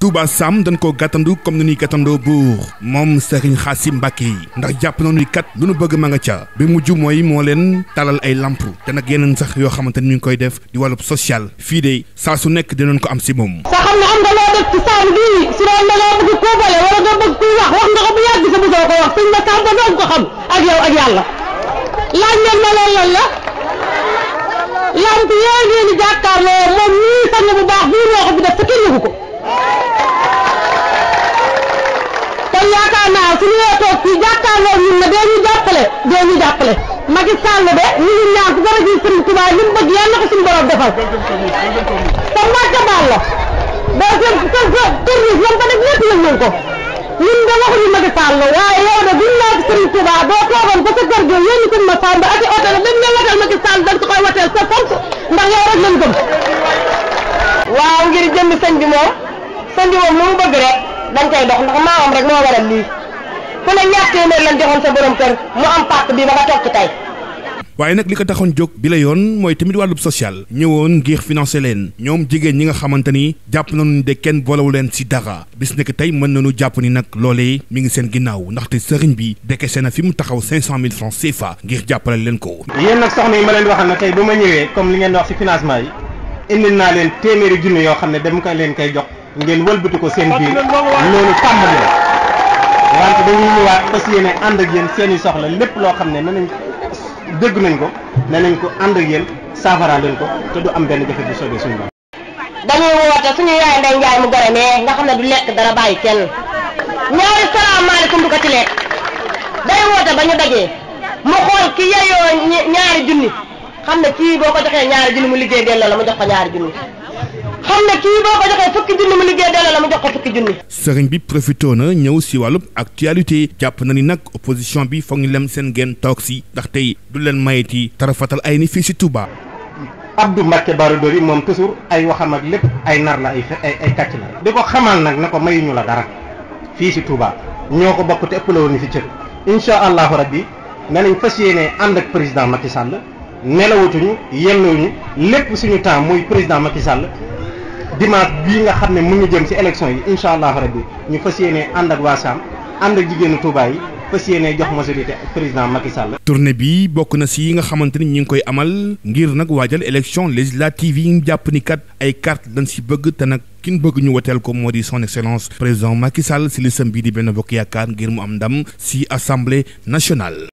Touba Sam dañ koo gàttandu comme ni ñuy gàttandoo buur moom Serigne Xaasim Mbàkke yi ndax jàpp nañu kat lu nu bëgg ma nga ca bi mujj mooy moo leen talal ay lamp te nag yeneen sax yoo xamante ni ñu ngi koy def di wàllub social fii de saa su nekk dinañ ko am si moom. sa xam ne am nga loo def ci saam bii su doon da ngaa bëgg koo bale nga bëgg kuy wax wax nga ko bu yàgg sa bëggoo ko wax sëñ ba Sam ba doon ko xam ak yow ak yàlla laaj ma yaakaar su ñu toog fii jàkkaarloo ñun ne doo ñu jàppale doo ñu jàppale Macky de ñu ngi ñaan ku gën a gis Sëriñ Tuubaa li mu bëgg yàlla na ko suñu borom defal te Mbacke Balla doo seen seen seen tournée ñoom ko def ko sa kër gi yéen ñu ko ma Samba ak i la dañ la wateel Macky Sall dañ koy wateel sa sant ndax yow rek lañ gëm waaw ngir jënd sëñ moom sëñ moom lu mu bëgg rek dañ koy dox ndax maamam rek moo waral lii fu ne ñaar téeméer lañ joxoon sa borom kër mu am pàcc bi ba nga toog waaye nag li ko taxoon jóg bi la yoon mooy tamit wàllub social ñëwoon ngir finance leen ñoom jigéen ñi nga xamante ni jàpp nañu de kenn boolewu leen si dara bis nekk tey mën nañu jàpp ni nag loolee mu ngi seen ginnaaw ndaxte sëriñ bi dekese a fi mu taxaw 500000 francs CFA ngir jàppale leen ko. yéen nag soxna yi ma leen waxal na tey bu ma ñëwee li ngeen naa leen xam ne dama ko leen koy jox ngeen wëlbati ko seen biir loolu tàmbali la wante dañuy ñëwaat fas yéene ànd ak yéen seen i soxla lépp loo xam ne nañ dégg nañ ko nañ ko ànd ak yéen saafara leen ko te du am benn jafe bu soobee suñu bopp. dañuy woote suñu yaay nday njaay mu gore nga xam ne du lekk dara bàyyi kenn ñaari salaamaaleykum du ko ci lekk day woote ba ñu dajee mu xool ki yeyoo ñaari junni xam ne kii boo ko joxee ñaari junni mu liggéey delloo la mu jox ko ñaari xam ne kii boo ko joxee fukki junni mu liggéey delloo la mu jox ko fukki junni. sëriñ bi profitoo na ñëw si wàllub actualité jàpp na ni nag opposition bi foog ñu lem seen genn toog si ndax tey du leen mayeti tarafatal ay ni fii si Touba. Abdou Mbacke Bara Dolly moom toujours ay waxam ak lépp ay nar la ay ay ay kàcc la. di ko xamal nag ne ko mayuñu la dara fii si Touba ñoo ko bokk te ëpp la woon ni fi cër incha allahu rabbi nañ fas yéene ànd ak président Macky Sall nelawatuñu yellowuñu lépp suñu temps muy président Macky Sall. dimanche bii nga xam ne mu ngi jëm ci élection yi incha allah rabbi ñu fas yéenee ànd ak waa Sàmm ànd ak jigéenu Touba yi fas yéenee jox majorité président Macky tournée bi bokk na ci yi nga xamante ni ñu ngi koy amal ngir nag waajal élection législative yi ñu jàpp ni kat ay carte dañ ci bëgg te nag kin bëgg ñu woteel ko moo di son excellence président Macky Sall ci listam bii di benn bokk yaakaar ngir mu am ndam ci assemblée nationale.